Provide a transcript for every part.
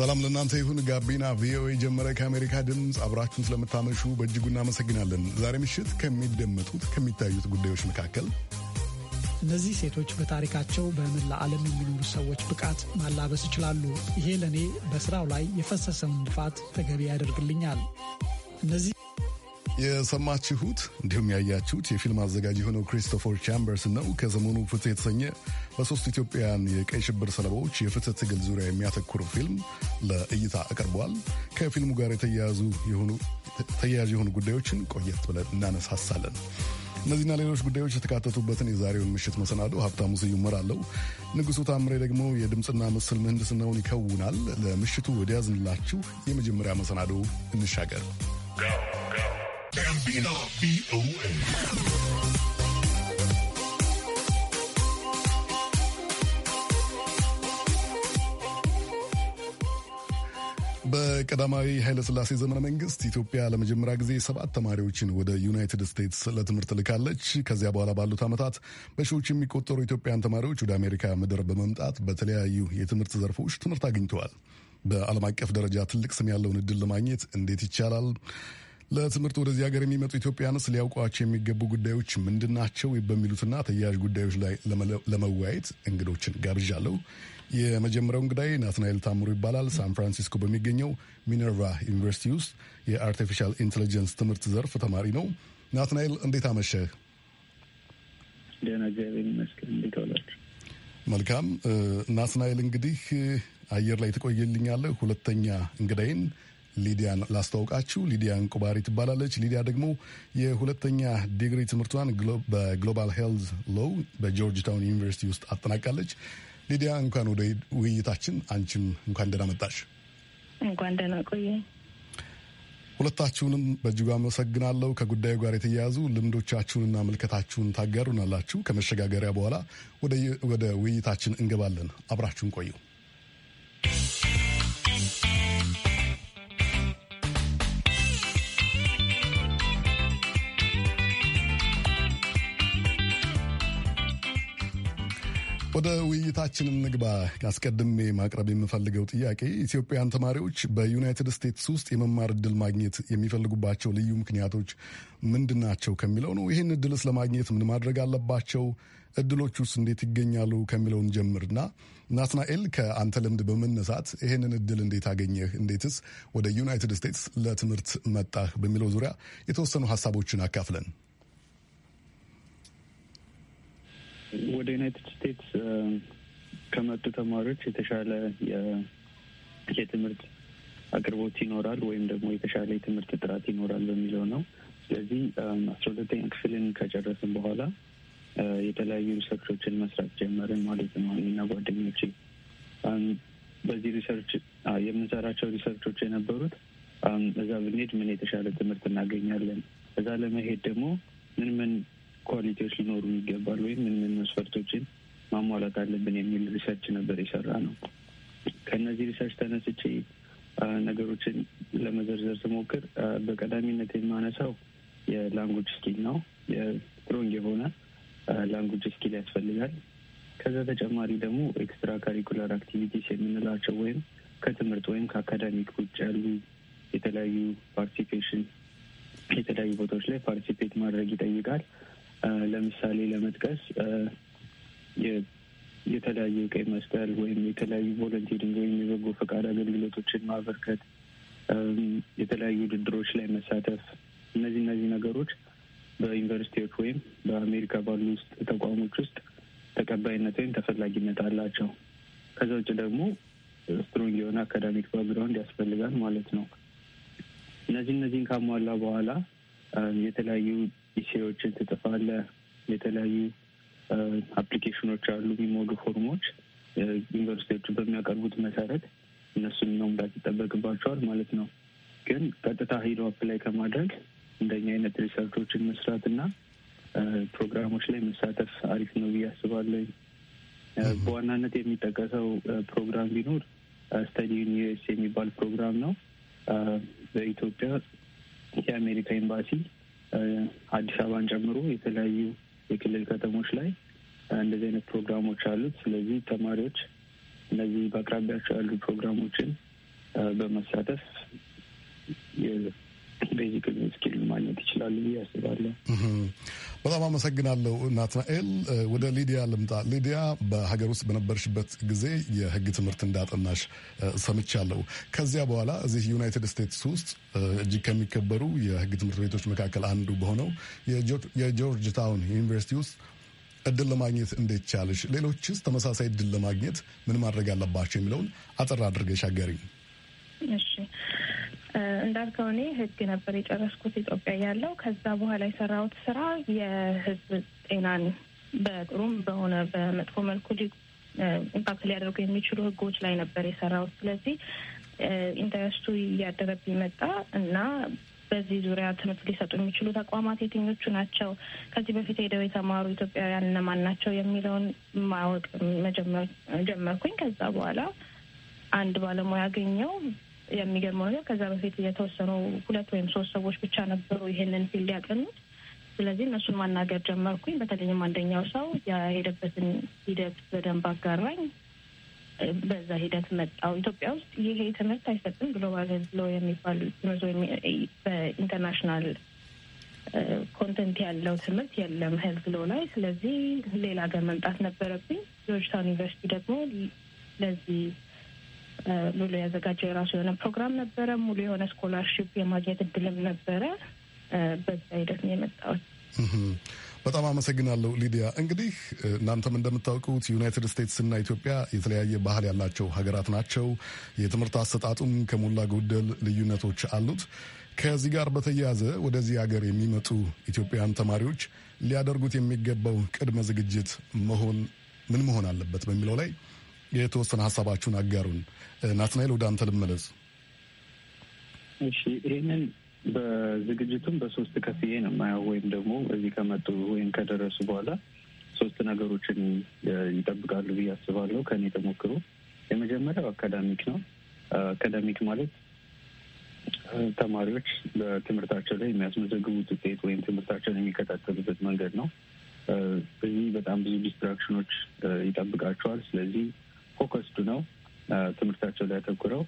ሰላም ለእናንተ ይሁን። ጋቢና ቪኦኤ ጀመረ። ከአሜሪካ ድምፅ አብራችሁን ስለምታመሹ በእጅጉ እናመሰግናለን። ዛሬ ምሽት ከሚደመጡት ከሚታዩት ጉዳዮች መካከል እነዚህ ሴቶች በታሪካቸው በመላ ዓለም የሚኖሩ ሰዎች ብቃት ማላበስ ይችላሉ። ይሄ ለእኔ በስራው ላይ የፈሰሰውን ልፋት ተገቢ ያደርግልኛል። እነዚህ የሰማችሁት እንዲሁም ያያችሁት የፊልም አዘጋጅ የሆነው ክሪስቶፈር ቻምበርስ ነው። ከሰሞኑ ፍትህ የተሰኘ በሶስት ኢትዮጵያውያን የቀይ ሽብር ሰለባዎች የፍትህ ትግል ዙሪያ የሚያተኩር ፊልም ለእይታ አቅርቧል። ከፊልሙ ጋር የተያያዙ ተያያዥ የሆኑ ጉዳዮችን ቆየት ብለን እናነሳሳለን። እነዚህና ሌሎች ጉዳዮች የተካተቱበትን የዛሬውን ምሽት መሰናዶ ሀብታሙ ስዩም እመራለሁ። ንጉሡ ታምሬ ደግሞ የድምፅና ምስል ምህንድስናውን ይከውናል። ለምሽቱ ወደ የመጀመሪያ መሰናዶ እንሻገር። ጋቢና ቪኦኤ በቀዳማዊ ኃይለስላሴ ዘመነ መንግስት ኢትዮጵያ ለመጀመሪያ ጊዜ ሰባት ተማሪዎችን ወደ ዩናይትድ ስቴትስ ለትምህርት ልካለች። ከዚያ በኋላ ባሉት ዓመታት በሺዎች የሚቆጠሩ ኢትዮጵያን ተማሪዎች ወደ አሜሪካ ምድር በመምጣት በተለያዩ የትምህርት ዘርፎች ትምህርት አግኝተዋል። በዓለም አቀፍ ደረጃ ትልቅ ስም ያለውን እድል ለማግኘት እንዴት ይቻላል? ለትምህርት ወደዚህ ሀገር የሚመጡ ኢትዮጵያንስ ሊያውቋቸው የሚገቡ ጉዳዮች ምንድናቸው በሚሉትና ተያያዥ ጉዳዮች ላይ ለመወያየት እንግዶችን ጋብዣለሁ። የመጀመሪያው እንግዳይ ናትናኤል ታምሩ ይባላል። ሳን ፍራንሲስኮ በሚገኘው ሚነርቫ ዩኒቨርሲቲ ውስጥ የአርቲፊሻል ኢንቴሊጀንስ ትምህርት ዘርፍ ተማሪ ነው። ናትናኤል እንዴት አመሸ? መልካም ናትናኤል፣ እንግዲህ አየር ላይ ትቆየልኛለህ። ሁለተኛ እንግዳይን ሊዲያን ላስተዋውቃችሁ። ሊዲያ እንቁባሪ ትባላለች። ሊዲያ ደግሞ የሁለተኛ ዲግሪ ትምህርቷን በግሎባል ሄልዝ ሎው በጆርጅ ታውን ዩኒቨርሲቲ ውስጥ አጠናቃለች። ሊዲያ እንኳን ወደ ውይይታችን፣ አንቺም እንኳን ደህና መጣሽ። እንኳን ደህና ቆየ። ሁለታችሁንም በእጅጉ አመሰግናለሁ። ከጉዳዩ ጋር የተያያዙ ልምዶቻችሁንና ምልከታችሁን ታጋሩናላችሁ። ከመሸጋገሪያ በኋላ ወደ ውይይታችን እንገባለን። አብራችሁን ቆዩ። ወደ ውይይታችን ንግባ። አስቀድሜ ማቅረብ የምፈልገው ጥያቄ ኢትዮጵያውያን ተማሪዎች በዩናይትድ ስቴትስ ውስጥ የመማር እድል ማግኘት የሚፈልጉባቸው ልዩ ምክንያቶች ምንድን ናቸው ከሚለው ነው። ይህን እድልስ ለማግኘት ምን ማድረግ አለባቸው? እድሎች ውስጥ እንዴት ይገኛሉ ከሚለውን ጀምርና ናትናኤል፣ ከአንተ ልምድ በመነሳት ይህንን እድል እንዴት አገኘህ፣ እንዴትስ ወደ ዩናይትድ ስቴትስ ለትምህርት መጣህ በሚለው ዙሪያ የተወሰኑ ሀሳቦችን አካፍለን ወደ ዩናይትድ ስቴትስ ከመጡ ተማሪዎች የተሻለ የትምህርት አቅርቦት ይኖራል ወይም ደግሞ የተሻለ የትምህርት ጥራት ይኖራል በሚለው ነው። ስለዚህ አስራ ሁለተኛ ክፍልን ከጨረስን በኋላ የተለያዩ ሪሰርቾችን መስራት ጀመርን ማለት ነው እኔና ጓደኞቼ። በዚህ ሪሰርች የምንሰራቸው ሪሰርቾች የነበሩት እዛ ብንሄድ ምን የተሻለ ትምህርት እናገኛለን፣ እዛ ለመሄድ ደግሞ ምን ምን ኳሊቲዎች ሊኖሩ ይገባል ወይም ምን ምን መስፈርቶችን ማሟላት አለብን የሚል ሪሰርች ነበር የሰራ ነው። ከእነዚህ ሪሰርች ተነስቼ ነገሮችን ለመዘርዘር ስሞክር በቀዳሚነት የማነሳው የላንጉጅ ስኪል ነው። የስትሮንግ የሆነ ላንጉጅ ስኪል ያስፈልጋል። ከዛ ተጨማሪ ደግሞ ኤክስትራ ካሪኩላር አክቲቪቲስ የምንላቸው ወይም ከትምህርት ወይም ከአካዳሚክ ውጭ ያሉ የተለያዩ ፓርቲፔሽን የተለያዩ ቦታዎች ላይ ፓርቲሲፔት ማድረግ ይጠይቃል። ለምሳሌ ለመጥቀስ የተለያዩ ቀይ መስቀል ወይም የተለያዩ ቮለንቲሪንግ ወይም የበጎ ፈቃድ አገልግሎቶችን ማበርከት፣ የተለያዩ ውድድሮች ላይ መሳተፍ፣ እነዚህ እነዚህ ነገሮች በዩኒቨርሲቲዎች ወይም በአሜሪካ ባሉ ውስጥ ተቋሞች ውስጥ ተቀባይነት ወይም ተፈላጊነት አላቸው። ከዛ ውጭ ደግሞ ስትሮንግ የሆነ አካዳሚክ ባክግራውንድ ያስፈልጋል ማለት ነው። እነዚህ እነዚህን ካሟላ በኋላ የተለያዩ ኢሴዎችን ትጥፋለ የተለያዩ አፕሊኬሽኖች አሉ፣ የሚሞሉ ፎርሞች ዩኒቨርሲቲዎቹ በሚያቀርቡት መሰረት እነሱን መሙላት ይጠበቅባቸዋል ማለት ነው። ግን ቀጥታ ሂዶ አፕላይ ከማድረግ እንደኛ አይነት ሪሰርቾችን መስራት እና ፕሮግራሞች ላይ መሳተፍ አሪፍ ነው ብዬ አስባለሁ። በዋናነት የሚጠቀሰው ፕሮግራም ቢኖር ስተዲ ኢን ዩኤስ የሚባል ፕሮግራም ነው። በኢትዮጵያ የአሜሪካ ኤምባሲ አዲስ አበባን ጨምሮ የተለያዩ የክልል ከተሞች ላይ እንደዚህ አይነት ፕሮግራሞች አሉት። ስለዚህ ተማሪዎች እነዚህ በአቅራቢያቸው ያሉ ፕሮግራሞችን በመሳተፍ ቤዚክ ስኪል ማግኘት ይችላሉ ብዬ አስባለሁ። በጣም አመሰግናለሁ ናትናኤል። ወደ ሊዲያ ልምጣ። ሊዲያ በሀገር ውስጥ በነበርሽበት ጊዜ የህግ ትምህርት እንዳጠናሽ ሰምቻለሁ። ከዚያ በኋላ እዚህ ዩናይትድ ስቴትስ ውስጥ እጅግ ከሚከበሩ የህግ ትምህርት ቤቶች መካከል አንዱ በሆነው የጆርጅ ታውን ዩኒቨርሲቲ ውስጥ እድል ለማግኘት እንዴት ቻለሽ? ሌሎችስ ተመሳሳይ እድል ለማግኘት ምን ማድረግ አለባቸው የሚለውን አጠር አድርገሽ አገሪኝ። እሺ እንዳልከው እኔ ህግ ነበር የጨረስኩት ኢትዮጵያ ያለው። ከዛ በኋላ የሰራሁት ስራ የህዝብ ጤናን በጥሩም በሆነ በመጥፎ መልኩ ኢምፓክት ሊያደርጉ የሚችሉ ህጎች ላይ ነበር የሰራሁት። ስለዚህ ኢንተረስቱ እያደረብኝ መጣ እና በዚህ ዙሪያ ትምህርት ሊሰጡ የሚችሉ ተቋማት የትኞቹ ናቸው፣ ከዚህ በፊት ሄደው የተማሩ ኢትዮጵያውያን እነማን ናቸው የሚለውን ማወቅ መጀመር ጀመርኩኝ። ከዛ በኋላ አንድ ባለሙያ አገኘው የሚገርመው ነገር ከዛ በፊት የተወሰኑ ሁለት ወይም ሶስት ሰዎች ብቻ ነበሩ ይሄንን ፊልድ ያቀኑት። ስለዚህ እነሱን ማናገር ጀመርኩኝ። በተለይም አንደኛው ሰው የሄደበትን ሂደት በደንብ አጋራኝ። በዛ ሂደት መጣው ኢትዮጵያ ውስጥ ይሄ ትምህርት አይሰጥም። ግሎባል ሎ የሚባል ትምህርት ወይም በኢንተርናሽናል ኮንተንት ያለው ትምህርት የለም ሄልዝ ሎ ላይ። ስለዚህ ሌላ ሀገር መምጣት ነበረብኝ። ጆርጅታውን ዩኒቨርሲቲ ደግሞ ለዚህ ሙሉ ያዘጋጀው የራሱ የሆነ ፕሮግራም ነበረ። ሙሉ የሆነ ስኮላርሽፕ የማግኘት እድልም ነበረ። በዛ ሂደት ነው የመጣሁት። በጣም አመሰግናለሁ ሊዲያ። እንግዲህ እናንተም እንደምታውቁት ዩናይትድ ስቴትስ እና ኢትዮጵያ የተለያየ ባህል ያላቸው ሀገራት ናቸው። የትምህርት አሰጣጡም ከሞላ ጎደል ልዩነቶች አሉት። ከዚህ ጋር በተያያዘ ወደዚህ ሀገር የሚመጡ ኢትዮጵያውያን ተማሪዎች ሊያደርጉት የሚገባው ቅድመ ዝግጅት መሆን ምን መሆን አለበት በሚለው ላይ የተወሰነ ሀሳባችሁን አጋሩን። ናትናኤል ወደ አንተ ልመለስ። እሺ ይህንን በዝግጅቱም በሶስት ከፍዬ ነው የማየው ወይም ደግሞ እዚህ ከመጡ ወይም ከደረሱ በኋላ ሶስት ነገሮችን ይጠብቃሉ ብዬ አስባለሁ ከኔ ተሞክሮ። የመጀመሪያው አካዳሚክ ነው። አካዳሚክ ማለት ተማሪዎች በትምህርታቸው ላይ የሚያስመዘግቡት ውጤት ወይም ትምህርታቸውን የሚከታተሉበት መንገድ ነው። እዚህ በጣም ብዙ ዲስትራክሽኖች ይጠብቃቸዋል። ስለዚህ ፎከስዱ ነው ትምህርታቸው ላይ አተኩረው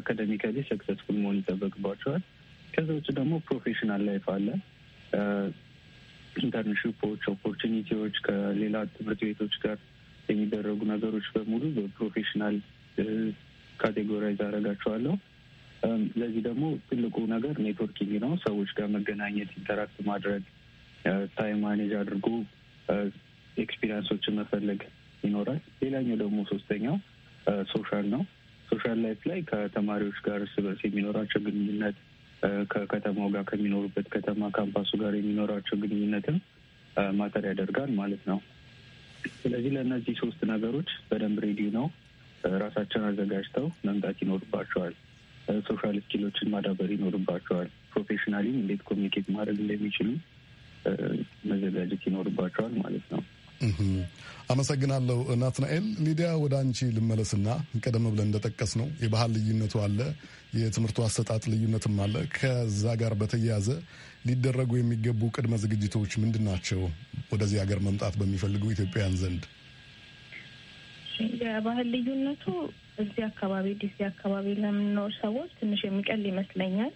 አካደሚካሊ ሰክሰስፉል መሆን ይጠበቅባቸዋል። ከዛ ውጭ ደግሞ ፕሮፌሽናል ላይፍ አለ። ኢንተርንሽፖች፣ ኦፖርቹኒቲዎች ከሌላ ትምህርት ቤቶች ጋር የሚደረጉ ነገሮች በሙሉ በፕሮፌሽናል ካቴጎራይዝ አደርጋቸዋለሁ። ለዚህ ደግሞ ትልቁ ነገር ኔትወርኪንግ ነው። ሰዎች ጋር መገናኘት፣ ኢንተራክት ማድረግ፣ ታይም ማኔጅ አድርጎ ኤክስፒሪንሶችን መፈለግ ይኖራል። ሌላኛው ደግሞ ሶስተኛው ሶሻል ነው። ሶሻል ላይፍ ላይ ከተማሪዎች ጋር እርስ በርስ የሚኖራቸው ግንኙነት ከከተማው ጋር ከሚኖሩበት ከተማ ካምፓሱ ጋር የሚኖራቸው ግንኙነትም ማተር ያደርጋል ማለት ነው። ስለዚህ ለእነዚህ ሶስት ነገሮች በደንብ ሬዲዮ ነው ራሳቸውን አዘጋጅተው መምጣት ይኖርባቸዋል። ሶሻል ስኪሎችን ማዳበር ይኖርባቸዋል። ፕሮፌሽናሊም እንዴት ኮሚኒኬት ማድረግ እንደሚችሉ መዘጋጀት ይኖርባቸዋል ማለት ነው። አመሰግናለሁ ናትናኤል። ሊዲያ ወደ አንቺ ልመለስና ቀደም ብለን እንደጠቀስ ነው የባህል ልዩነቱ አለ፣ የትምህርቱ አሰጣጥ ልዩነትም አለ። ከዛ ጋር በተያያዘ ሊደረጉ የሚገቡ ቅድመ ዝግጅቶች ምንድን ናቸው? ወደዚህ ሀገር መምጣት በሚፈልጉ ኢትዮጵያውያን ዘንድ የባህል ልዩነቱ እዚህ አካባቢ ዲሲ አካባቢ ለምንኖር ሰዎች ትንሽ የሚቀል ይመስለኛል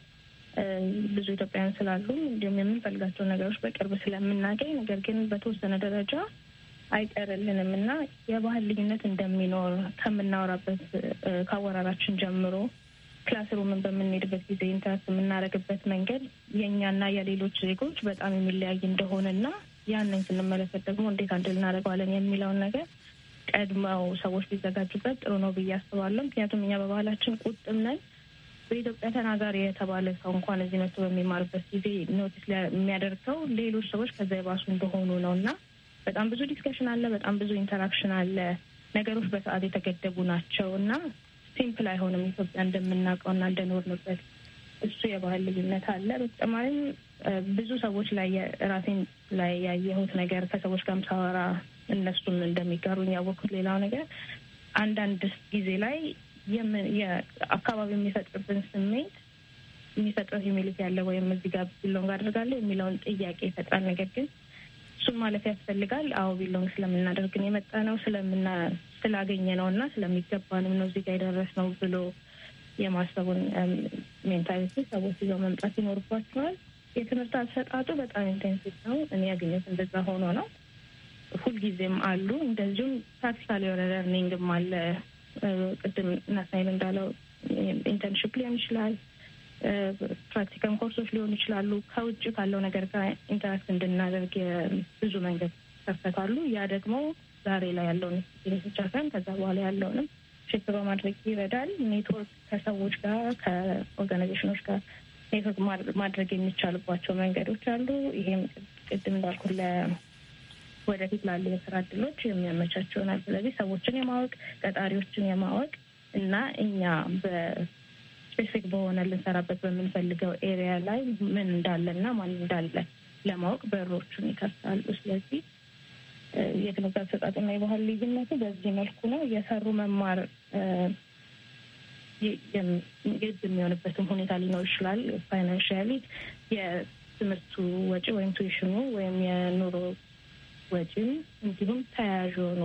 ብዙ ኢትዮጵያውያን ስላሉ እንዲሁም የምንፈልጋቸው ነገሮች በቅርብ ስለምናገኝ ነገር ግን በተወሰነ ደረጃ አይቀርልንም እና የባህል ልዩነት እንደሚኖር ከምናወራበት ከአወራራችን ጀምሮ ክላስሩምን በምንሄድበት ጊዜ ኢንተራክት የምናደርግበት መንገድ የእኛና የሌሎች ዜጎች በጣም የሚለያይ እንደሆነና ያንን ስንመለከት ደግሞ እንዴት አንድ ልናደርገዋለን የሚለውን ነገር ቀድመው ሰዎች ቢዘጋጁበት ጥሩ ነው ብዬ አስባለሁ። ምክንያቱም እኛ በባህላችን ቁጥም ነን። በኢትዮጵያ ተናጋሪ የተባለ ሰው እንኳን እዚህ መጥቶ በሚማርበት ጊዜ ኖቲስ የሚያደርገው ሌሎች ሰዎች ከዛ የባሱ እንደሆኑ ነው እና በጣም ብዙ ዲስከሽን አለ፣ በጣም ብዙ ኢንተራክሽን አለ። ነገሮች በሰዓት የተገደቡ ናቸው እና ሲምፕል አይሆንም። ኢትዮጵያ እንደምናውቀው እና እንደኖርንበት እሱ የባህል ልዩነት አለ። በተጨማሪም ብዙ ሰዎች ላይ ራሴን ላይ ያየሁት ነገር ከሰዎች ጋርም ሳወራ እነሱም እንደሚጋሩኝ ያወቅኩት ሌላው ነገር አንዳንድ ጊዜ ላይ አካባቢው የሚፈጥርብን ስሜት የሚፈጥረው ሂሚሊቲ ያለ ወይም እዚህ ጋር ቢሎንግ አድርጋለሁ የሚለውን ጥያቄ ይፈጥራል። ነገር ግን እሱን ማለፍ ያስፈልጋል። አዎ ቢለውን ስለምናደርግን የመጣ ነው ስለምና ስላገኘ ነው እና ስለሚገባንም ነው እዚህ ጋ የደረስ ነው ብሎ የማሰቡን ሜንታሊቲ ሰዎች ይዘው መምጣት ይኖርባቸዋል። የትምህርት አሰጣጡ በጣም ኢንቴንሲቭ ነው። እኔ ያገኘት እንደዛ ሆኖ ነው። ሁልጊዜም አሉ። እንደዚሁም ፕራክቲካል የሆነ ለርኒንግም አለ። ቅድም ናትናኤል እንዳለው ኢንተርንሽፕ ሊሆን ይችላል ፕራክቲከም ኮርሶች ሊሆኑ ይችላሉ። ከውጭ ካለው ነገር ጋር ኢንተራክት እንድናደርግ ብዙ መንገድ ከፈታሉ። ያ ደግሞ ዛሬ ላይ ያለውን ብቻ ሳይሆን ከዛ በኋላ ያለውንም ቼክ በማድረግ ይረዳል። ኔትወርክ ከሰዎች ጋር ከኦርጋናይዜሽኖች ጋር ኔትወርክ ማድረግ የሚቻልባቸው መንገዶች አሉ። ይሄም ቅድም እንዳልኩ ወደፊት ላሉ የስራ እድሎች የሚያመቻቸውናል። ስለዚህ ሰዎችን የማወቅ ቀጣሪዎችን የማወቅ እና እኛ ስፔሲፊክ በሆነ ልንሰራበት በምንፈልገው ኤሪያ ላይ ምን እንዳለና ማን እንዳለ ለማወቅ በሮቹን ይከፍታሉ። ስለዚህ የግንዛቤ አሰጣጡና የባህል ልዩነቱ በዚህ መልኩ ነው። የሰሩ መማር ግድ የሚሆንበትም ሁኔታ ሊኖር ይችላል። ፋይናንሽያሊ የትምህርቱ ወጪ ወይም ቱዊሽኑ ወይም የኑሮ ወጪም እንዲሁም ተያያዥ የሆኑ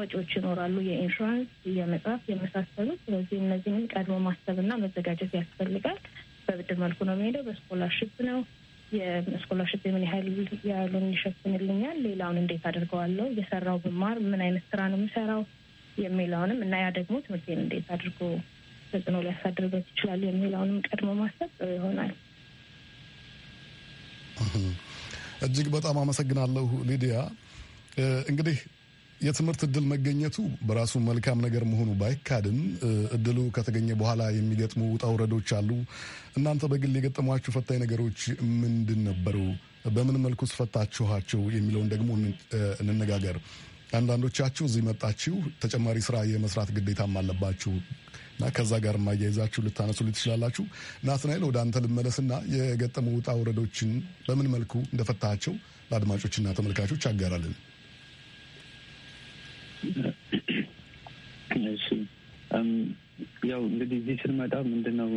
ወጪዎች ይኖራሉ፣ የኢንሹራንስ፣ የመጽሐፍ የመሳሰሉት። ስለዚህ እነዚህን ቀድሞ ማሰብና መዘጋጀት ያስፈልጋል። በብድር መልኩ ነው የሚሄደው፣ በስኮላርሽፕ ነው። የስኮላርሽፕ የምን ያህል ያሉን ይሸፍንልኛል፣ ሌላውን እንዴት አድርገዋለሁ፣ የሰራው ብማር ምን አይነት ስራ ነው የምሰራው የሚለውንም እና ያ ደግሞ ትምህርቴን እንዴት አድርጎ ተጽዕኖ ሊያሳድርበት ይችላል የሚለውንም ቀድሞ ማሰብ ጥሩ ይሆናል። እጅግ በጣም አመሰግናለሁ ሊዲያ። እንግዲህ የትምህርት እድል መገኘቱ በራሱ መልካም ነገር መሆኑ ባይካድም እድሉ ከተገኘ በኋላ የሚገጥሙ ውጣ ውረዶች አሉ። እናንተ በግል የገጠሟችሁ ፈታኝ ነገሮች ምንድን ነበሩ? በምን መልኩ ስፈታችኋቸው የሚለውን ደግሞ እንነጋገር። አንዳንዶቻችሁ እዚህ መጣችሁ ተጨማሪ ስራ የመስራት ግዴታም አለባችሁ እና ከዛ ጋር ማያይዛችሁ ልታነሱ ትችላላችሁ። ናትናኤል ወደ አንተ ልመለስና የገጠሙ ውጣ ውረዶችን በምን መልኩ እንደፈታቸው ለአድማጮችና ተመልካቾች አጋራልን። እሺ ያው እንግዲህ እዚህ ስንመጣ ምንድነው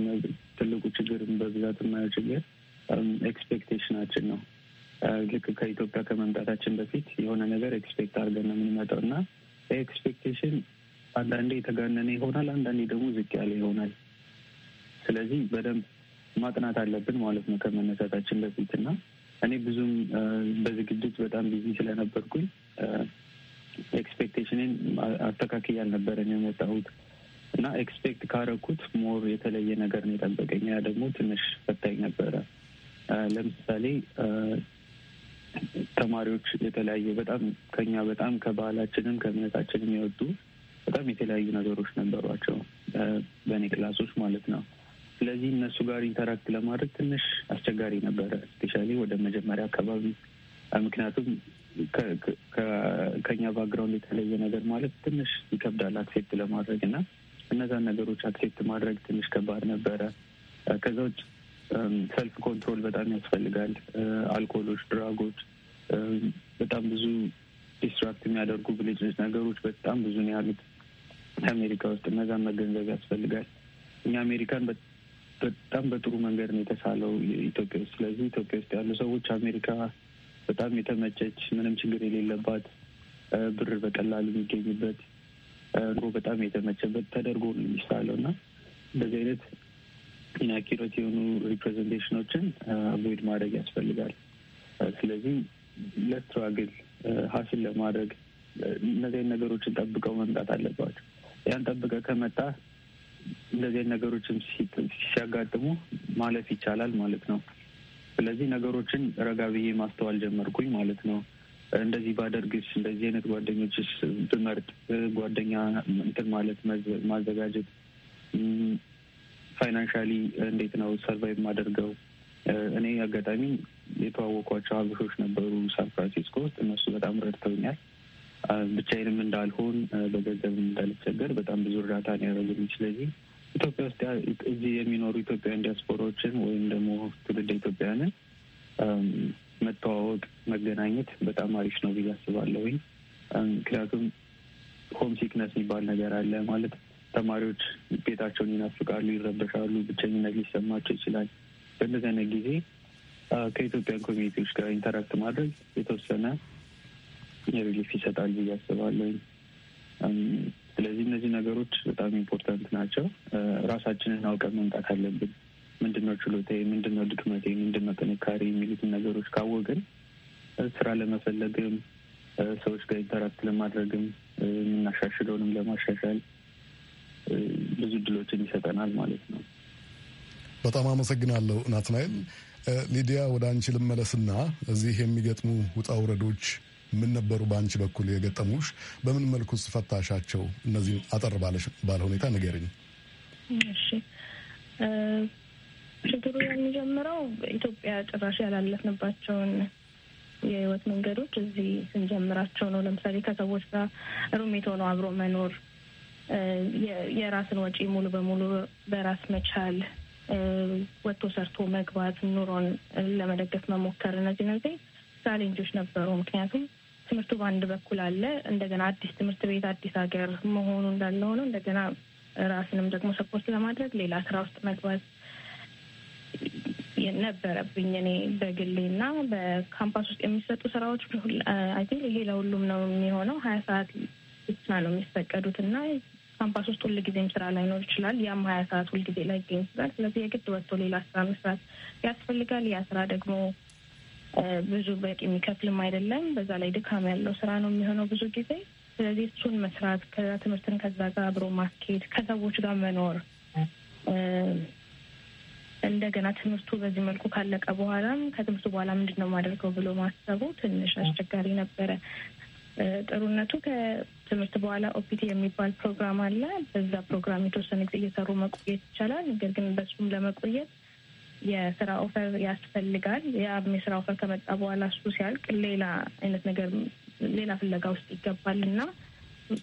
ትልቁ ችግርን በብዛት የማየው ችግር ኤክስፔክቴሽናችን ነው። ልክ ከኢትዮጵያ ከመምጣታችን በፊት የሆነ ነገር ኤክስፔክት አድርገን ነው የምንመጣው እና ኤክስፔክቴሽን አንዳንዴ የተጋነነ ይሆናል፣ አንዳንዴ ደግሞ ዝቅ ያለ ይሆናል። ስለዚህ በደንብ ማጥናት አለብን ማለት ነው ከመነሳታችን በፊት እና እኔ ብዙም በዝግጅት በጣም ቢዚ ስለነበርኩኝ ኤክስፔክቴሽንን አስተካክ ያልነበረ ነው የመጣሁት እና ኤክስፔክት ካረኩት ሞር የተለየ ነገር ነው የጠበቀኝ። ያ ደግሞ ትንሽ ፈታኝ ነበረ። ለምሳሌ ተማሪዎች የተለያየ በጣም ከኛ በጣም ከባህላችንም ከእምነታችንም የወጡ በጣም የተለያዩ ነገሮች ነበሯቸው በእኔ ክላሶች ማለት ነው። ስለዚህ እነሱ ጋር ኢንተራክት ለማድረግ ትንሽ አስቸጋሪ ነበረ። ስፔሻሊ ወደ መጀመሪያ አካባቢ ምክንያቱም ከኛ ባግራውንድ የተለየ ነገር ማለት ትንሽ ይከብዳል አክሴፕት ለማድረግ እና እነዛን ነገሮች አክሴፕት ማድረግ ትንሽ ከባድ ነበረ። ከዛ ውጭ ሰልፍ ኮንትሮል በጣም ያስፈልጋል። አልኮሎች፣ ድራጎች፣ በጣም ብዙ ዲስትራክት የሚያደርጉ ብልጭልጭ ነገሮች በጣም ብዙ ነው ያሉት አሜሪካ ውስጥ። እነዛን መገንዘብ ያስፈልጋል። እኛ አሜሪካን በጣም በጥሩ መንገድ ነው የተሳለው ኢትዮጵያ ውስጥ። ስለዚህ ኢትዮጵያ ውስጥ ያሉ ሰዎች አሜሪካ በጣም የተመቸች ምንም ችግር የሌለባት ብር በቀላሉ የሚገኝበት ኑሮ በጣም የተመቸበት ተደርጎ ነው የሚሳለው እና እንደዚህ አይነት ኢናኪሮት የሆኑ ሪፕሬዘንቴሽኖችን አቮይድ ማድረግ ያስፈልጋል። ስለዚህ ለስትራግል ሀስል ለማድረግ እነዚህን ነገሮችን ጠብቀው መምጣት አለባቸው። ያን ጠብቀ ከመጣ እንደዚህን ነገሮችም ሲያጋጥሙ ማለፍ ይቻላል ማለት ነው። ስለዚህ ነገሮችን ረጋ ብዬ ማስተዋል ጀመርኩኝ ማለት ነው። እንደዚህ ባደርግሽ፣ እንደዚህ አይነት ጓደኞችሽ ብመርጥ፣ ጓደኛ እንትን ማለት ማዘጋጀት፣ ፋይናንሻሊ እንዴት ነው ሰርቫይቭ ማደርገው? እኔ አጋጣሚ የተዋወኳቸው ሀበሾች ነበሩ ሳን ፍራንሲስኮ ውስጥ። እነሱ በጣም ረድተውኛል። ብቻዬንም እንዳልሆን በገንዘብ እንዳልቸገር በጣም ብዙ እርዳታ ነው ያደረጉልኝ። ስለዚህ ኢትዮጵያ ውስጥ እዚህ የሚኖሩ ኢትዮጵያውያን ዲያስፖራዎችን ወይም ደግሞ ትውልደ ኢትዮጵያውያንን መተዋወቅ፣ መገናኘት በጣም አሪፍ ነው ብዬ አስባለሁኝ። ምክንያቱም ሆም ሲክነስ የሚባል ነገር አለ ማለት ተማሪዎች ቤታቸውን ይናፍቃሉ፣ ይረበሻሉ፣ ብቸኝነት ሊሰማቸው ይችላል። በእንደዚህ አይነት ጊዜ ከኢትዮጵያን ኮሚኒቲዎች ጋር ኢንተራክት ማድረግ የተወሰነ ሪሊፍ ይሰጣል ብዬ አስባለሁኝ። ስለዚህ እነዚህ ነገሮች በጣም ኢምፖርታንት ናቸው። ራሳችንን አውቀን መምጣት አለብን። ምንድን ነው ችሎታ፣ ምንድን ነው ድክመቴ፣ ምንድን ነው ጥንካሬ የሚሉትን ነገሮች ካወቅን ስራ ለመፈለግም ሰዎች ጋር ኢንተራክት ለማድረግም የምናሻሽለውንም ለማሻሻል ብዙ እድሎችን ይሰጠናል ማለት ነው። በጣም አመሰግናለሁ ናትናኤል። ሊዲያ ወደ አንቺ ልመለስና እዚህ የሚገጥሙ ውጣ ውረዶች ምን ነበሩ በአንቺ በኩል የገጠሙሽ? በምን መልኩ ስፈታሻቸው? እነዚህ አጠር ባለ ሁኔታ ንገሪኝ። ችግሩ የሚጀምረው ኢትዮጵያ ጭራሽ ያላለፍንባቸውን የህይወት መንገዶች እዚህ ስንጀምራቸው ነው። ለምሳሌ ከሰዎች ጋር ሩሜት ሆነው አብሮ መኖር፣ የራስን ወጪ ሙሉ በሙሉ በራስ መቻል፣ ወጥቶ ሰርቶ መግባት፣ ኑሮን ለመደገፍ መሞከር፣ እነዚህ እነዚህ ቻሌንጆች ነበሩ። ምክንያቱም ትምህርቱ በአንድ በኩል አለ። እንደገና አዲስ ትምህርት ቤት አዲስ ሀገር መሆኑ እንዳለ ሆኖ እንደገና ራስንም ደግሞ ሰፖርት ለማድረግ ሌላ ስራ ውስጥ መግባት ነበረብኝ። እኔ በግሌ እና በካምፓስ ውስጥ የሚሰጡ ስራዎች አይ ይሄ ለሁሉም ነው የሚሆነው። ሀያ ሰዓት ብቻ ነው የሚፈቀዱት እና ካምፓስ ውስጥ ሁልጊዜም ስራ ላይኖር ይችላል። ያም ሀያ ሰዓት ሁልጊዜ ላይገኝ ይችላል። ስለዚህ የግድ ወጥቶ ሌላ ስራ መስራት ያስፈልጋል። ያ ስራ ደግሞ ብዙ በቂ የሚከፍልም አይደለም። በዛ ላይ ድካም ያለው ስራ ነው የሚሆነው ብዙ ጊዜ። ስለዚህ እሱን መስራት ከዛ ትምህርትን ከዛ ጋር አብሮ ማስኬድ ከሰዎች ጋር መኖር እንደገና ትምህርቱ በዚህ መልኩ ካለቀ በኋላም ከትምህርቱ በኋላ ምንድን ነው የማደርገው ብሎ ማሰቡ ትንሽ አስቸጋሪ ነበረ። ጥሩነቱ ከትምህርት በኋላ ኦፒቲ የሚባል ፕሮግራም አለ። በዛ ፕሮግራም የተወሰነ ጊዜ እየሰሩ መቆየት ይቻላል። ነገር ግን በሱም ለመቆየት የስራ ኦፈር ያስፈልጋል። ያም የስራ ኦፈር ከመጣ በኋላ እሱ ሲያልቅ ሌላ አይነት ነገር ሌላ ፍለጋ ውስጥ ይገባል እና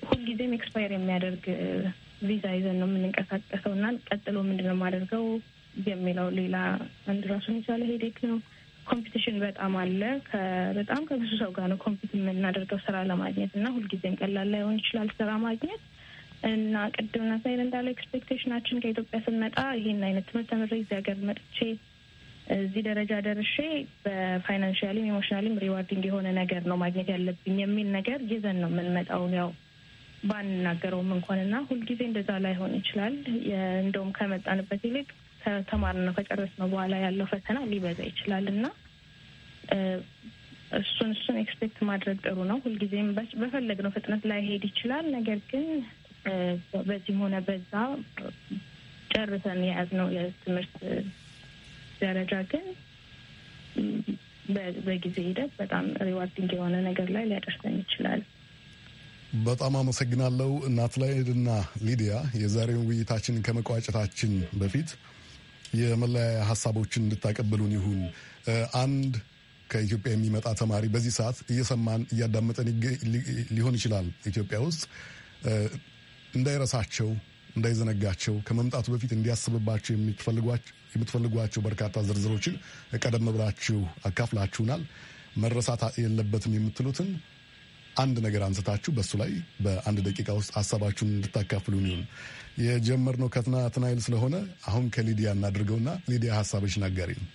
ሁልጊዜም ኤክስፓየር የሚያደርግ ቪዛ ይዘን ነው የምንንቀሳቀሰው እና ቀጥሎ ምንድን ነው የማደርገው የሚለው ሌላ አንድ ራሱን የቻለ ሄዴክ ነው። ኮምፒቲሽን በጣም አለ። በጣም ከብዙ ሰው ጋር ነው ኮምፒት የምናደርገው ስራ ለማግኘት እና ሁልጊዜም ቀላል ላይሆን ይችላል ስራ ማግኘት እና ቅድም ናትናኤል እንዳለው ኤክስፔክቴሽናችን ከኢትዮጵያ ስንመጣ ይህን አይነት ትምህርት ተምሬ እዚህ ሀገር መጥቼ እዚህ ደረጃ ደርሼ በፋይናንሽያሊም ኢሞሽናሊም ሪዋርዲንግ የሆነ ነገር ነው ማግኘት ያለብኝ የሚል ነገር ይዘን ነው የምንመጣውን ያው ባንናገረውም እንኳን እና ሁልጊዜ እንደዛ ላይሆን ይችላል። እንደውም ከመጣንበት ይልቅ ከተማርነው ከጨረስነው በኋላ ያለው ፈተና ሊበዛ ይችላል እና እሱን እሱን ኤክስፔክት ማድረግ ጥሩ ነው። ሁልጊዜም በፈለግነው ፍጥነት ላይሄድ ይችላል። ነገር ግን በዚህ ሆነ በዛ ጨርሰን የያዝነው የትምህርት ደረጃ ግን በጊዜ ሂደት በጣም ሪዋርዲንግ የሆነ ነገር ላይ ሊያደርሰን ይችላል። በጣም አመሰግናለሁ ናትላይድና ሊዲያ። የዛሬውን ውይይታችን ከመቋጨታችን በፊት የመለያያ ሀሳቦችን እንድታቀብሉን ይሁን። አንድ ከኢትዮጵያ የሚመጣ ተማሪ በዚህ ሰዓት እየሰማን እያዳመጠን ሊሆን ይችላል ኢትዮጵያ ውስጥ እንዳይረሳቸው እንዳይዘነጋቸው ከመምጣቱ በፊት እንዲያስብባቸው የምትፈልጓቸው በርካታ ዝርዝሮችን ቀደም ብላችሁ አካፍላችሁናል። መረሳት የለበትም የምትሉትን አንድ ነገር አንስታችሁ በእሱ ላይ በአንድ ደቂቃ ውስጥ ሀሳባችሁን እንድታካፍሉን ይሁን። የጀመርነው ከናትናኤል ስለሆነ አሁን ከሊዲያ እናድርገውና ሊዲያ ሀሳብሽን አጋሪ ነው።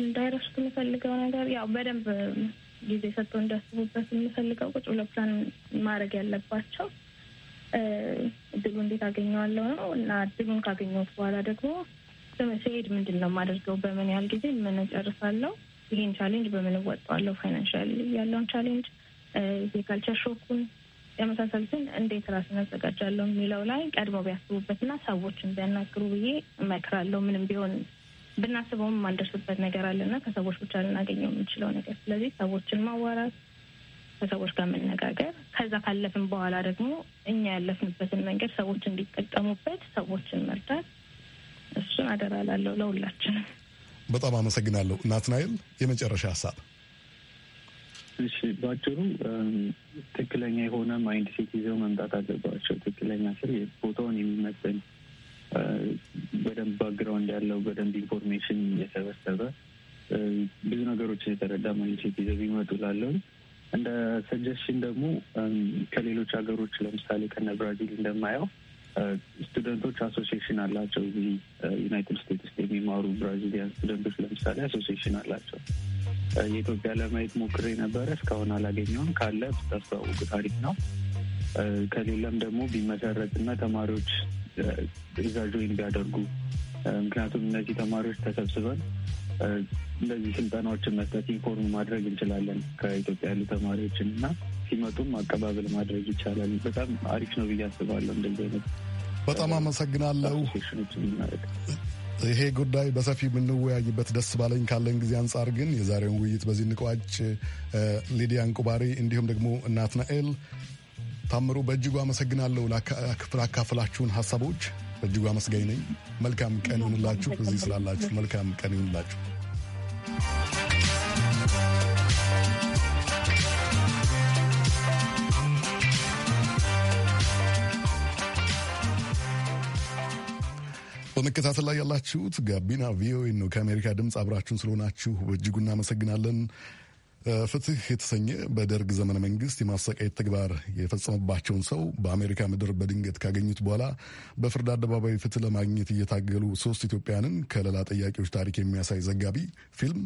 እንዳይረሱት የምፈልገው ነገር ያው በደንብ ጊዜ ሰጥቶ እንዲያስቡበት የምፈልገው ቁጭ ብሎ ፕላን ማድረግ ያለባቸው እድሉ እንዴት አገኘዋለሁ ነው እና እድሉን ካገኘሁት በኋላ ደግሞ ስሄድ ምንድን ነው የማደርገው፣ በምን ያህል ጊዜ ምን እጨርሳለሁ፣ ይህን ቻሌንጅ በምን እወጣዋለሁ፣ ፋይናንሻል ያለውን ቻሌንጅ፣ የካልቸር ሾኩን የመሳሰሉትን እንዴት ራስን አዘጋጃለሁ የሚለው ላይ ቀድሞ ቢያስቡበትና ሰዎችን ቢያናግሩ ብዬ እመክራለሁ ምንም ቢሆን ብናስበውም የማንደርስበት ነገር አለና ከሰዎች ብቻ ልናገኘው የምንችለው ነገር። ስለዚህ ሰዎችን ማዋራት፣ ከሰዎች ጋር መነጋገር፣ ከዛ ካለፍን በኋላ ደግሞ እኛ ያለፍንበትን መንገድ ሰዎች እንዲጠቀሙበት ሰዎችን መርዳት፣ እሱን አደራ ላለው ለሁላችንም። በጣም አመሰግናለሁ። ናትናኤል፣ የመጨረሻ ሀሳብ። እሺ፣ ባጭሩ ትክክለኛ የሆነ ማይንድ ሴት ይዘው መምጣት አለባቸው። ትክክለኛ ስል ቦታውን የሚመጥን በደንብ ባግራውንድ ያለው በደንብ ኢንፎርሜሽን እየሰበሰበ ብዙ ነገሮችን የተረዳ ማንሴት ይዘው ይመጡ ላለው እንደ ሰጀሽን ደግሞ ከሌሎች ሀገሮች ለምሳሌ ከነ ብራዚል እንደማየው ስቱደንቶች አሶሲሽን አላቸው። እዚህ ዩናይትድ ስቴትስ የሚማሩ ብራዚሊያን ስቱደንቶች ለምሳሌ አሶሲሽን አላቸው። የኢትዮጵያ ለማየት ሞክሬ ነበረ፣ እስካሁን አላገኘውም። ካለ ብታስተዋውቁ ታሪክ ነው። ከሌለም ደግሞ ቢመሰረት እና ተማሪዎች እዛ ጆይን ቢያደርጉ። ምክንያቱም እነዚህ ተማሪዎች ተሰብስበን እንደዚህ ስልጠናዎችን መስጠት ኢንፎርም ማድረግ እንችላለን ከኢትዮጵያ ያሉ ተማሪዎችን እና ሲመጡም አቀባበል ማድረግ ይቻላል። በጣም አሪፍ ነው ብዬ አስባለሁ። እንደዚህ አይነት በጣም አመሰግናለሁ። ይሄ ጉዳይ በሰፊ የምንወያይበት ደስ ባለኝ ካለን ጊዜ አንጻር ግን የዛሬውን ውይይት በዚህ ንቋጭ። ሊዲያ እንቁባሪ እንዲሁም ደግሞ እናትናኤል። ታምሩ፣ በእጅጉ አመሰግናለሁ። አካፍላችሁን ሀሳቦች በእጅጉ አመስጋኝ ነኝ። መልካም ቀን ይሁንላችሁ። እዚህ ስላላችሁ መልካም ቀን ይሁንላችሁ። በመከታተል ላይ ያላችሁት ጋቢና ቪኦኤ ነው። ከአሜሪካ ድምፅ አብራችሁን ስለሆናችሁ በእጅጉ እናመሰግናለን። ፍትህ የተሰኘ በደርግ ዘመነ መንግስት የማሰቃየት ተግባር የፈጸመባቸውን ሰው በአሜሪካ ምድር በድንገት ካገኙት በኋላ በፍርድ አደባባይ ፍትህ ለማግኘት እየታገሉ ሶስት ኢትዮጵያውያንን ከሌላ ጠያቂዎች ታሪክ የሚያሳይ ዘጋቢ ፊልም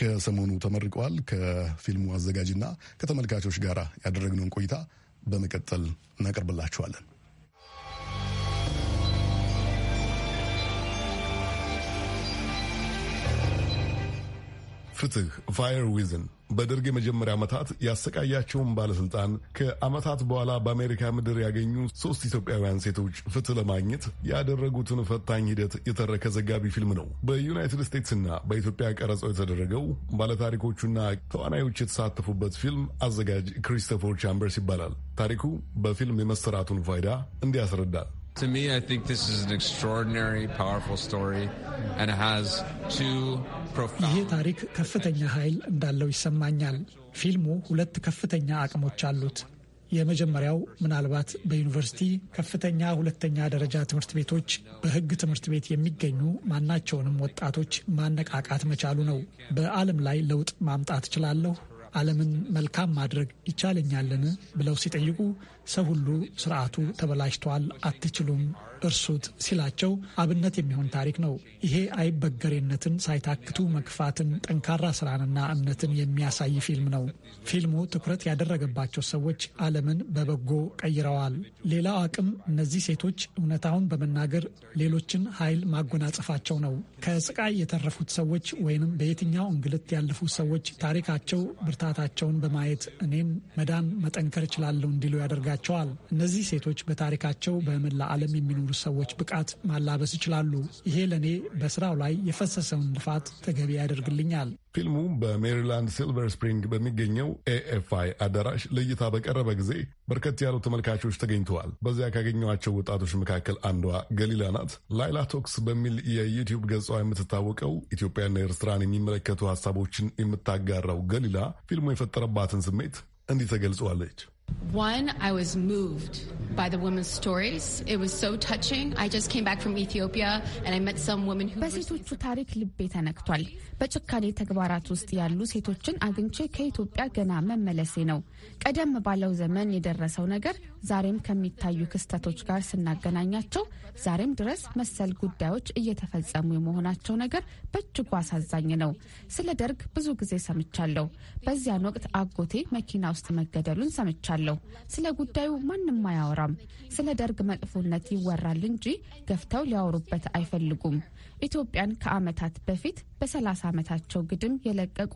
ከሰሞኑ ተመርቀዋል። ከፊልሙ አዘጋጅና ከተመልካቾች ጋር ያደረግነውን ቆይታ በመቀጠል እናቀርብላችኋለን። ፍትህ ፋየር ዊዝን በደርግ የመጀመሪያ ዓመታት ያሰቃያቸውን ባለሥልጣን ከዓመታት በኋላ በአሜሪካ ምድር ያገኙ ሦስት ኢትዮጵያውያን ሴቶች ፍትህ ለማግኘት ያደረጉትን ፈታኝ ሂደት የተረከ ዘጋቢ ፊልም ነው። በዩናይትድ ስቴትስና በኢትዮጵያ ቀረጸው የተደረገው ባለታሪኮቹና ተዋናዮች የተሳተፉበት ፊልም አዘጋጅ ክሪስቶፈር ቻምበርስ ይባላል። ታሪኩ በፊልም የመሰራቱን ፋይዳ እንዲያስረዳል። To me, I think this is an extraordinary, powerful story and it has two profound... ይህ ታሪክ ከፍተኛ ኃይል እንዳለው ይሰማኛል። ፊልሙ ሁለት ከፍተኛ አቅሞች አሉት። የመጀመሪያው ምናልባት በዩኒቨርሲቲ ከፍተኛ ሁለተኛ ደረጃ ትምህርት ቤቶች በሕግ ትምህርት ቤት የሚገኙ ማናቸውንም ወጣቶች ማነቃቃት መቻሉ ነው። በዓለም ላይ ለውጥ ማምጣት እችላለሁ ዓለምን መልካም ማድረግ ይቻለኛልን ብለው ሲጠይቁ ሰው ሁሉ ስርዓቱ ተበላሽቷል፣ አትችሉም እርሱት ሲላቸው አብነት የሚሆን ታሪክ ነው። ይሄ አይበገሬነትን፣ ሳይታክቱ መግፋትን፣ ጠንካራ ስራንና እምነትን የሚያሳይ ፊልም ነው። ፊልሙ ትኩረት ያደረገባቸው ሰዎች ዓለምን በበጎ ቀይረዋል። ሌላው አቅም እነዚህ ሴቶች እውነታውን በመናገር ሌሎችን ኃይል ማጎናጸፋቸው ነው። ከስቃይ የተረፉት ሰዎች ወይንም በየትኛው እንግልት ያለፉ ሰዎች ታሪካቸው ብርታታቸውን በማየት እኔም መዳን መጠንከር እችላለሁ እንዲሉ ያደርጋቸዋል። እነዚህ ሴቶች በታሪካቸው በመላ ዓለም የሚኖሩ ያሉት ሰዎች ብቃት ማላበስ ይችላሉ። ይሄ ለእኔ በስራው ላይ የፈሰሰውን ልፋት ተገቢ ያደርግልኛል። ፊልሙ በሜሪላንድ ሲልቨር ስፕሪንግ በሚገኘው ኤኤፍአይ አዳራሽ ለእይታ በቀረበ ጊዜ በርከት ያሉ ተመልካቾች ተገኝተዋል። በዚያ ካገኘኋቸው ወጣቶች መካከል አንዷ ገሊላ ናት። ላይላ ቶክስ በሚል የዩቲዩብ ገጿ የምትታወቀው ኢትዮጵያና ኤርትራን የሚመለከቱ ሀሳቦችን የምታጋራው ገሊላ ፊልሙ የፈጠረባትን ስሜት እንዲህ ተገልጸዋለች። One, I was moved በሴቶቹ ታሪክ ልቤ ተነክቷል። በጭካኔ ተግባራት ውስጥ ያሉ ሴቶችን አግኝቼ ከኢትዮጵያ ገና መመለሴ ነው። ቀደም ባለው ዘመን የደረሰው ነገር ዛሬም ከሚታዩ ክስተቶች ጋር ስናገናኛቸው ዛሬም ድረስ መሰል ጉዳዮች እየተፈጸሙ የመሆናቸው ነገር በእጅጉ አሳዛኝ ነው። ስለ ደርግ ብዙ ጊዜ ሰምቻለሁ። በዚያን ወቅት አጎቴ መኪና ውስጥ መገደሉን ሰምቻለሁ። ስለ ጉዳዩ ማንም አያወራም። ስለ ደርግ መጥፎነት ይወራል እንጂ ገፍተው ሊያወሩበት አይፈልጉም። ኢትዮጵያን ከዓመታት በፊት በሰላሳ ዓመታቸው ግድም የለቀቁ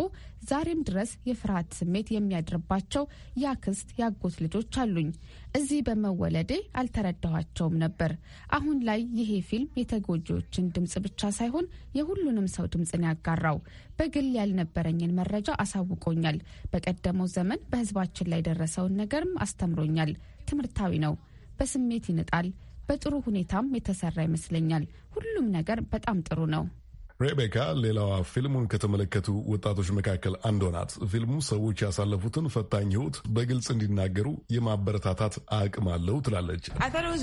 ዛሬም ድረስ የፍርሃት ስሜት የሚያድርባቸው የአክስት የአጎት ልጆች አሉኝ። እዚህ በመወለዴ አልተረዳኋቸውም ነበር። አሁን ላይ ይሄ ፊልም የተጎጂዎችን ድምፅ ብቻ ሳይሆን የሁሉንም ሰው ድምፅን ያጋራው በግል ያልነበረኝን መረጃ አሳውቆኛል። በቀደመው ዘመን በህዝባችን ላይ ደረሰውን ነገርም አስተምሮኛል። ትምህርታዊ ነው። በስሜት ይንጣል። በጥሩ ሁኔታም የተሰራ ይመስለኛል። ሁሉም ነገር በጣም ጥሩ ነው። ሬቤካ ሌላዋ ፊልሙን ከተመለከቱ ወጣቶች መካከል አንዷ ናት። ፊልሙ ሰዎች ያሳለፉትን ፈታኝ ሕይወት በግልጽ እንዲናገሩ የማበረታታት አቅም አለው ትላለች። um,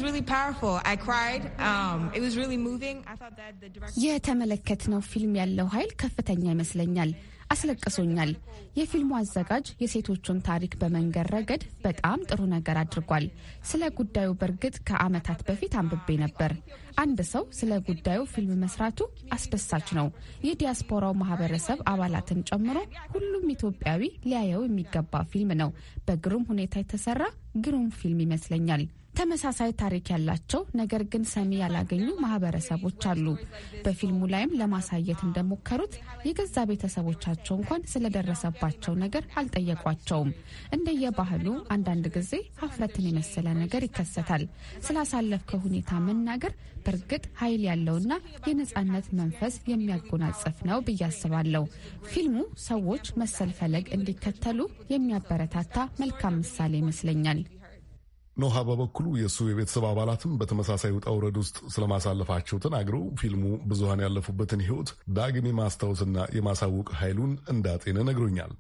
የተመለከትነው ፊልም ያለው ኃይል ከፍተኛ ይመስለኛል። አስለቅሶኛል። የፊልሙ አዘጋጅ የሴቶቹን ታሪክ በመንገድ ረገድ በጣም ጥሩ ነገር አድርጓል። ስለ ጉዳዩ በእርግጥ ከዓመታት በፊት አንብቤ ነበር። አንድ ሰው ስለ ጉዳዩ ፊልም መስራቱ አስደሳች ነው። የዲያስፖራው ማህበረሰብ አባላትን ጨምሮ ሁሉም ኢትዮጵያዊ ሊያየው የሚገባ ፊልም ነው። በግሩም ሁኔታ የተሰራ ግሩም ፊልም ይመስለኛል። ተመሳሳይ ታሪክ ያላቸው ነገር ግን ሰሚ ያላገኙ ማህበረሰቦች አሉ። በፊልሙ ላይም ለማሳየት እንደሞከሩት የገዛ ቤተሰቦቻቸው እንኳን ስለደረሰባቸው ነገር አልጠየቋቸውም። እንደየባህሉ አንዳንድ ጊዜ ሀፍረትን የመሰለ ነገር ይከሰታል። ስላሳለፍከው ሁኔታ መናገር በእርግጥ ኃይል ያለውና የነጻነት መንፈስ የሚያጎናጽፍ ነው ብዬ አስባለሁ። ፊልሙ ሰዎች መሰል ፈለግ እንዲከተሉ የሚያበረታታ መልካም ምሳሌ ይመስለኛል። ኖሃ በበኩሉ የእሱ የቤተሰብ አባላትም በተመሳሳይ ውጣ ውረድ ውስጥ ስለማሳለፋቸው ተናግረው ፊልሙ ብዙሀን ያለፉበትን ሕይወት ዳግም የማስታወስና የማሳወቅ ኃይሉን እንዳጤነ ነግሮኛል።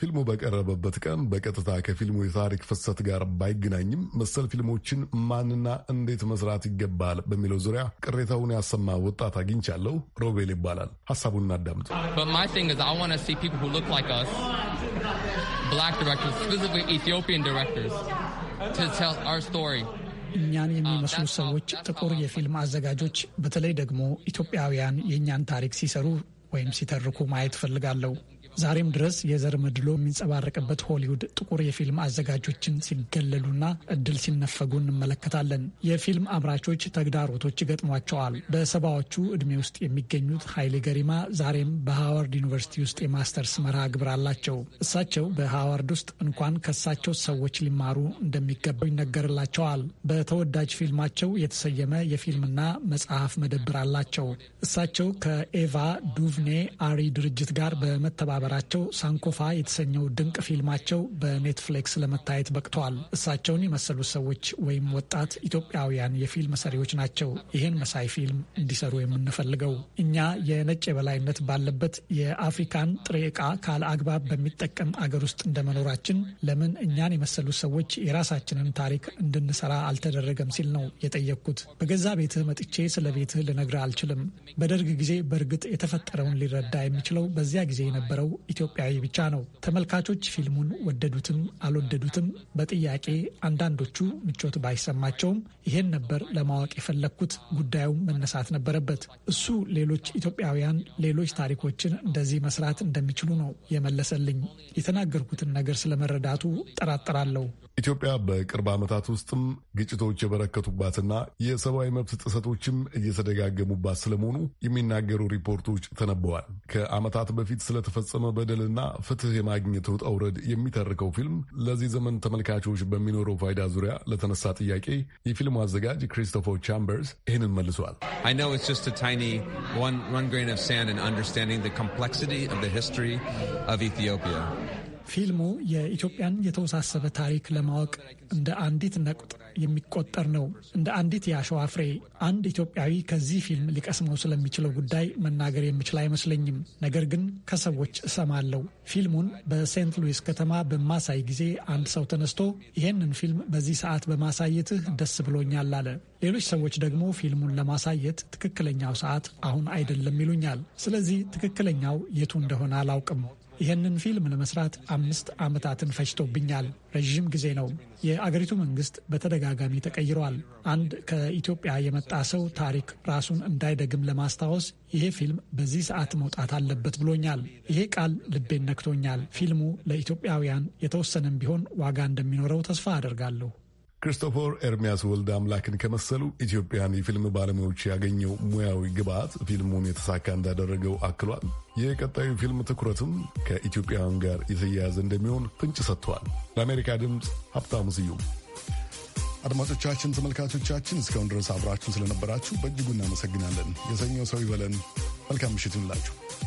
ፊልሙ በቀረበበት ቀን በቀጥታ ከፊልሙ የታሪክ ፍሰት ጋር ባይገናኝም መሰል ፊልሞችን ማንና እንዴት መስራት ይገባል በሚለው ዙሪያ ቅሬታውን ያሰማ ወጣት አግኝቻለሁ። ሮቤል ይባላል። ሀሳቡን እናዳምጡ። black directors, እኛን um, የሚመስሉ ሰዎች ጥቁር የፊልም አዘጋጆች በተለይ ደግሞ ኢትዮጵያውያን የእኛን ታሪክ ሲሰሩ ወይም ሲተርኩ ማየት እፈልጋለሁ። ዛሬም ድረስ የዘር መድሎ የሚንጸባረቅበት ሆሊውድ ጥቁር የፊልም አዘጋጆችን ሲገለሉና እድል ሲነፈጉ እንመለከታለን። የፊልም አምራቾች ተግዳሮቶች ይገጥሟቸዋል። በሰባዎቹ ዕድሜ ውስጥ የሚገኙት ኃይሌ ገሪማ ዛሬም በሃዋርድ ዩኒቨርሲቲ ውስጥ የማስተርስ መርሃ ግብር አላቸው። እሳቸው በሃዋርድ ውስጥ እንኳን ከሳቸው ሰዎች ሊማሩ እንደሚገባው ይነገርላቸዋል። በተወዳጅ ፊልማቸው የተሰየመ የፊልምና መጽሐፍ መደብር አላቸው። እሳቸው ከኤቫ ዱቭኔ አሪ ድርጅት ጋር በመተባበር ማህበራቸው ሳንኮፋ የተሰኘው ድንቅ ፊልማቸው በኔትፍሊክስ ለመታየት በቅተዋል። እሳቸውን የመሰሉ ሰዎች ወይም ወጣት ኢትዮጵያውያን የፊልም ሰሪዎች ናቸው ይህን መሳይ ፊልም እንዲሰሩ የምንፈልገው። እኛ የነጭ የበላይነት ባለበት የአፍሪካን ጥሬ ዕቃ ካለ አግባብ በሚጠቀም አገር ውስጥ እንደመኖራችን ለምን እኛን የመሰሉ ሰዎች የራሳችንን ታሪክ እንድንሰራ አልተደረገም ሲል ነው የጠየቅኩት። በገዛ ቤትህ መጥቼ ስለ ቤትህ ልነግር አልችልም። በደርግ ጊዜ በእርግጥ የተፈጠረውን ሊረዳ የሚችለው በዚያ ጊዜ የነበረው ኢትዮጵያዊ ብቻ ነው። ተመልካቾች ፊልሙን ወደዱትም አልወደዱትም በጥያቄ አንዳንዶቹ ምቾት ባይሰማቸውም ይሄን ነበር ለማወቅ የፈለግኩት። ጉዳዩ መነሳት ነበረበት። እሱ ሌሎች ኢትዮጵያውያን ሌሎች ታሪኮችን እንደዚህ መስራት እንደሚችሉ ነው የመለሰልኝ። የተናገርኩትን ነገር ስለመረዳቱ ጠራጠራለሁ። ኢትዮጵያ በቅርብ ዓመታት ውስጥም ግጭቶች የበረከቱባትና የሰብአዊ መብት ጥሰቶችም እየተደጋገሙባት ስለመሆኑ የሚናገሩ ሪፖርቶች ተነበዋል። ከዓመታት በፊት ስለተፈጸመ የተፈጸመ በደልና ፍትህ የማግኘት ውጣ ውረድ የሚተርከው ፊልም ለዚህ ዘመን ተመልካቾች በሚኖረው ፋይዳ ዙሪያ ለተነሳ ጥያቄ የፊልሙ አዘጋጅ ክሪስቶፈር ቻምበርስ ይህንን መልሷል። ፊልሙ የኢትዮጵያን የተወሳሰበ ታሪክ ለማወቅ እንደ አንዲት ነቁጥ የሚቆጠር ነው። እንደ አንዲት የአሸዋ ፍሬ አንድ ኢትዮጵያዊ ከዚህ ፊልም ሊቀስመው ስለሚችለው ጉዳይ መናገር የሚችል አይመስለኝም። ነገር ግን ከሰዎች እሰማለሁ። ፊልሙን በሴንት ሉዊስ ከተማ በማሳይ ጊዜ አንድ ሰው ተነስቶ ይህንን ፊልም በዚህ ሰዓት በማሳየትህ ደስ ብሎኛል አለ። ሌሎች ሰዎች ደግሞ ፊልሙን ለማሳየት ትክክለኛው ሰዓት አሁን አይደለም ይሉኛል። ስለዚህ ትክክለኛው የቱ እንደሆነ አላውቅም። ይህንን ፊልም ለመስራት አምስት ዓመታትን ፈጅቶብኛል። ረዥም ጊዜ ነው። የአገሪቱ መንግስት በተደጋጋሚ ተቀይሯል። አንድ ከኢትዮጵያ የመጣ ሰው ታሪክ ራሱን እንዳይደግም ለማስታወስ ይሄ ፊልም በዚህ ሰዓት መውጣት አለበት ብሎኛል። ይሄ ቃል ልቤን ነክቶኛል። ፊልሙ ለኢትዮጵያውያን የተወሰነም ቢሆን ዋጋ እንደሚኖረው ተስፋ አደርጋለሁ። ክሪስቶፈር ኤርሚያስ ወልደ አምላክን ከመሰሉ ኢትዮጵያን የፊልም ባለሙያዎች ያገኘው ሙያዊ ግብዓት ፊልሙን የተሳካ እንዳደረገው አክሏል። የቀጣዩ ፊልም ትኩረትም ከኢትዮጵያውያን ጋር የተያያዘ እንደሚሆን ፍንጭ ሰጥቷል። ለአሜሪካ ድምፅ ሀብታሙ ስዩም። አድማጮቻችን፣ ተመልካቾቻችን እስካሁን ድረስ አብራችሁን ስለነበራችሁ በእጅጉ እናመሰግናለን። የሰኞ ሰው ይበለን። መልካም ምሽት ይሁንላችሁ።